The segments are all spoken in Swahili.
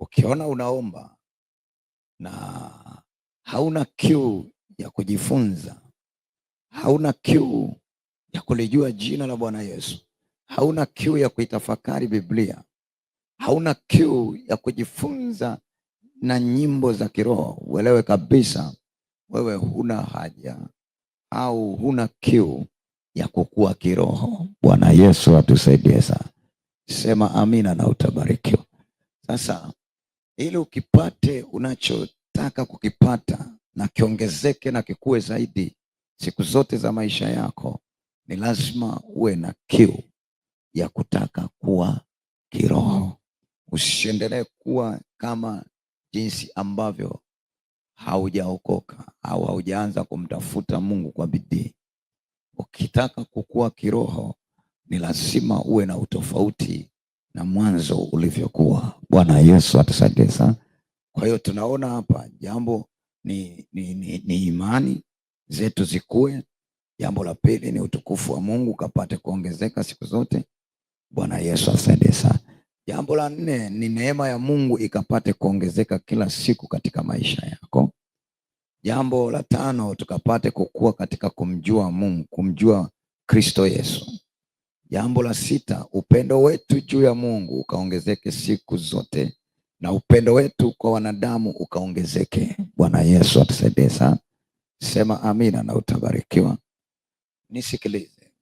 Ukiona unaomba na hauna kiu ya kujifunza, hauna kiu ya kulijua jina la Bwana Yesu, hauna kiu ya kuitafakari Biblia, hauna kiu ya kujifunza na nyimbo za kiroho, uelewe kabisa wewe huna haja au huna kiu ya kukua kiroho. Bwana Yesu atusaidie sana. Sema amina na utabarikiwa. Sasa ili ukipate unachotaka kukipata na kiongezeke na kikuwe zaidi siku zote za maisha yako, ni lazima uwe na kiu ya kutaka kuwa kiroho. Usiendelee kuwa kama jinsi ambavyo haujaokoka au haujaanza kumtafuta Mungu kwa bidii. Ukitaka kukua kiroho, ni lazima uwe na utofauti na mwanzo ulivyokuwa. Bwana Yesu atusaidie sana. Kwa hiyo tunaona hapa jambo ni, ni, ni, ni imani zetu zikue. Jambo la pili ni utukufu wa Mungu kapate kuongezeka siku zote. Bwana Yesu asaidie sana. Jambo la nne ni neema ya Mungu ikapate kuongezeka kila siku katika maisha yako. Jambo la tano tukapate kukua katika kumjua Mungu, kumjua Kristo Yesu. Jambo la sita, upendo wetu juu ya Mungu ukaongezeke siku zote na upendo wetu kwa wanadamu ukaongezeke. Bwana Yesu atusaidie sana. Sema amina na utabarikiwa. Nisikilize,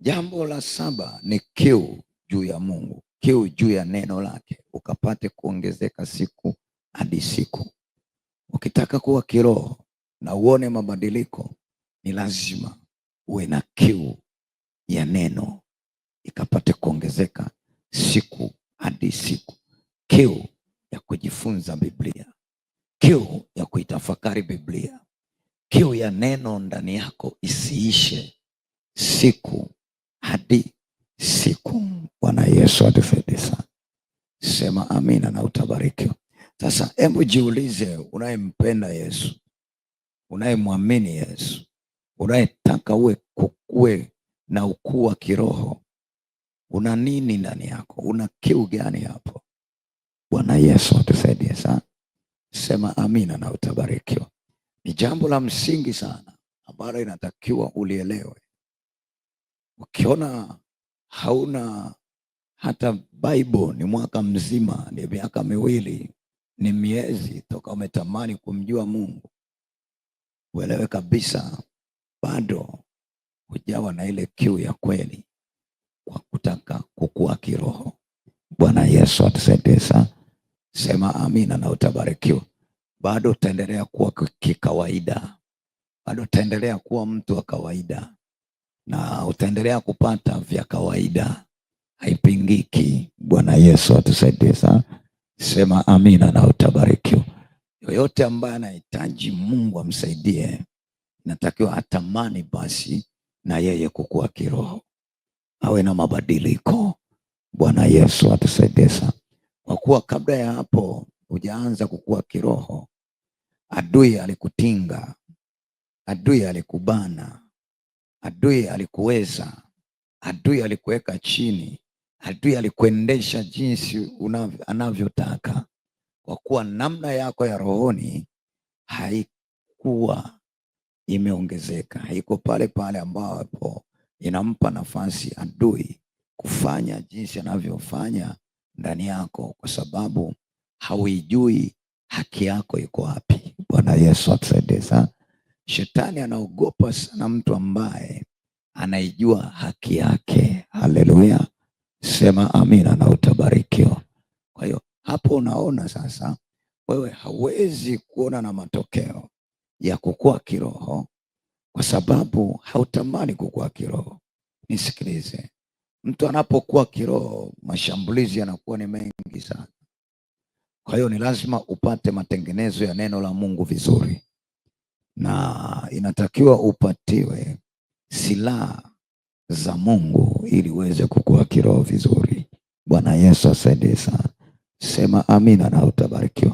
jambo la saba ni kiu juu ya Mungu, kiu juu ya neno lake ukapate kuongezeka siku hadi siku. Ukitaka kuwa kiroho na uone mabadiliko, ni lazima uwe na kiu ya neno ikapate kuongezeka siku hadi siku. Kiu ya kujifunza Biblia, kiu ya kuitafakari Biblia, kiu ya neno ndani yako isiishe siku hadi siku. Bwana Yesu atufaidi sana. Sema amina na utabariki. Sasa hebu jiulize, unayempenda Yesu, unayemwamini Yesu, unayetaka uwe kukue na ukuu wa kiroho. Una nini ndani yako? Una kiu gani hapo? Bwana Yesu atusaidie sana. Sema amina na utabarikiwa. Ni jambo la msingi sana ambalo inatakiwa ulielewe. Ukiona hauna hata Bible, ni mwaka mzima, ni miaka miwili, ni miezi toka umetamani kumjua Mungu, uelewe kabisa bado kujawa na ile kiu ya kweli kwa kutaka kukua kiroho. Bwana Yesu atusaidie sana. Sema amina na utabarikiwa. Bado utaendelea kuwa kikawaida, bado utaendelea kuwa mtu wa kawaida na utaendelea kupata vya kawaida, haipingiki. Bwana Yesu atusaidie sana. Sema amina na utabarikiwa. Yoyote ambaye anahitaji Mungu amsaidie, natakiwa atamani basi na yeye kukua kiroho, awe na mabadiliko. Bwana Yesu atusaidie sana, kwa kuwa kabla ya hapo hujaanza kukua kiroho, adui alikutinga, adui alikubana, adui alikuweza, adui alikuweka chini, adui alikuendesha jinsi anavyotaka, kwa kuwa namna yako ya rohoni haikuwa imeongezeka, iko pale pale ambapo inampa nafasi adui kufanya jinsi anavyofanya ndani yako, kwa sababu hauijui haki yako iko wapi. Bwana Yesu atusaidie sana. Shetani anaogopa sana mtu ambaye anaijua haki yake. Haleluya, sema amina na utabarikiwa. Kwa hiyo hapo unaona sasa, wewe hawezi kuona na matokeo ya kukua kiroho, kwa sababu hautamani kukua kiroho. Nisikilize, mtu anapokuwa kiroho, mashambulizi yanakuwa ni mengi sana. Kwa hiyo ni lazima upate matengenezo ya neno la Mungu vizuri, na inatakiwa upatiwe silaha za Mungu ili uweze kukua kiroho vizuri. Bwana Yesu asaidie sana. Sema amina na utabarikiwa.